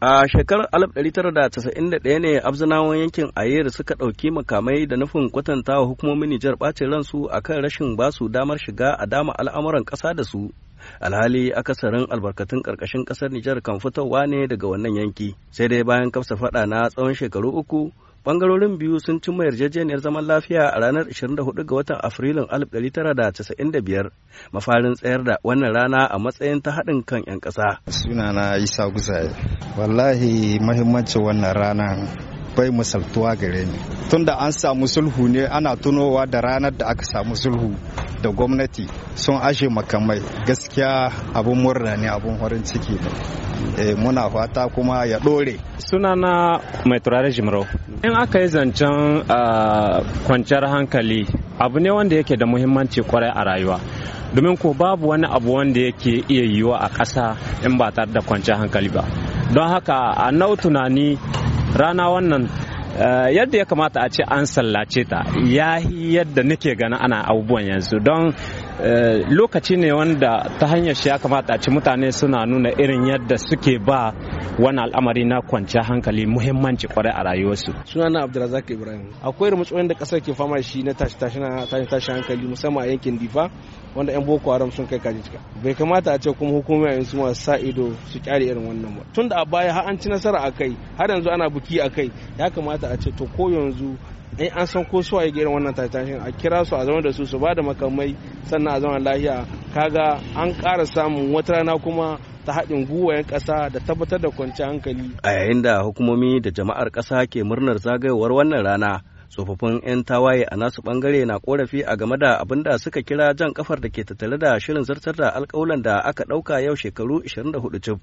A shekarar 1991 ne abzanawan yankin Ayer suka ɗauki makamai da nufin kwatantawa hukumomin Nijar ɓacin ransu akan rashin basu damar shiga a dama al'amuran ƙasa da su. alhali akasarin albarkatun ƙarƙashin ƙasar Nijar kan fitowa ne daga wannan yanki sai dai bayan kafsa faɗa na tsawon shekaru uku Bangarorin biyu sun cimma yarjejeniyar zaman lafiya a ranar 24 ga watan Afrilun 1995 mafarin tsayar da wannan rana a matsayin ta haɗin kan 'yan ƙasa. Sunana Isa Gusaye, Wallahi mahimmancin wannan rana akwai misaltuwa gare ni tunda an samu sulhu ne ana tunowa da ranar da aka samu sulhu da gwamnati sun ashe makamai gaskiya abin murna ne abin farin ciki ne eh, muna fata kuma ya dore sunana mai turare jimrau in aka yi zancen ah, kwanciyar hankali abu ne wanda yake da muhimmanci kwarai a rayuwa domin ko babu wani abu wanda yake iya yiwuwa a ƙasa in ba tare da kwanciyar hankali ba don haka a nau tunani rana wannan eh, yadda ya kamata a ce an sallace ta ya yadda nake gana ana abubuwan yanzu don Eh, lokaci ne wanda ta hanyar shi ya kamata ci mutane suna nuna irin yadda suke ba wani al'amari na kwanciyar hankali muhimmanci kwarai a rayuwarsu. Suna Sunana Abdulrazak Ibrahim. Akwai rumutsuwan da kasar ke fama shi na tashi tashi hankali musamman a yankin Difa wanda 'yan Boko Haram sun kai kaji cika. Bai kamata a ce kuma hukumomi yanzu masu sa ido su kyare irin wannan ba. Tun a baya har an ci nasara a kai har yanzu ana buki a kai ya kamata a ce to ko yanzu in an san ko suwaye irin wannan tashin a kira su a zama da su su ba da makamai sannan a zama lahiya kaga an ƙara samun wata rana kuma ta haɗin guwayen ƙasa da tabbatar da kwanciyar hankali a yayin da hukumomi da jama'ar ƙasa ke murnar zagayowar wannan rana tsofaffin 'yan tawaye a nasu bangare na korafi a game da abin da suka kira jan kafar da ke tattare da shirin zartar da alkawalan da aka ɗauka yau shekaru 24 cif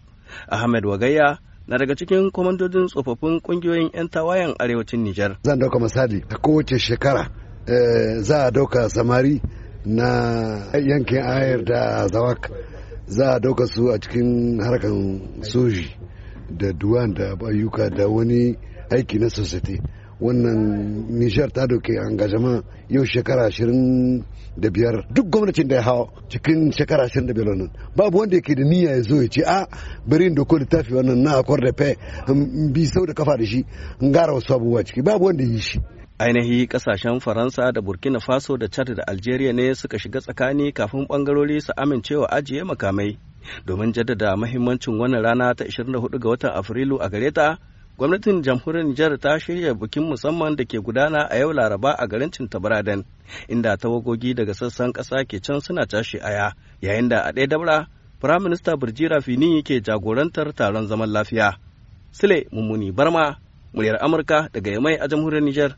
ahmed wagayya na daga cikin kwamandodin tsofaffin kungiyoyin 'yan tawayen arewacin Nijar. Zan dauka misali a kowace shekara eh, za a dauka samari na yankin ayar da zawak za a dauka su a cikin harkan soji da duwan da ayyuka da wani aiki na society. wannan nishar ta doke gazama yau shekara ashirin da biyar duk gwamnatin da ya hawa cikin shekara ashirin da biyar wannan babu wanda yake da niyya ya zo ya ce a ah, bari da ko littafi wannan na akwar da fe bi sau da kafa da shi in gara wasu abubuwa ciki babu wanda yi shi ainihi kasashen faransa da burkina faso da chad da algeria ne suka shiga tsakani kafin bangarori su amincewa ajiye makamai domin jaddada mahimmancin wannan rana ta 24 ga watan afrilu a gareta gwamnatin jamhuriyar Nijar ta shirya bikin musamman da ke gudana a yau Laraba a garin Cintabaraden, inda tawagogi daga sassan ƙasa ke can suna tashi aya, yayin da a ɗaya dabra, Firayim Minista Birjira Fini ke jagorantar taron zaman lafiya. Sule Mummuni Barma, muryar Amurka daga Yamai a jamhuriyar Nijar.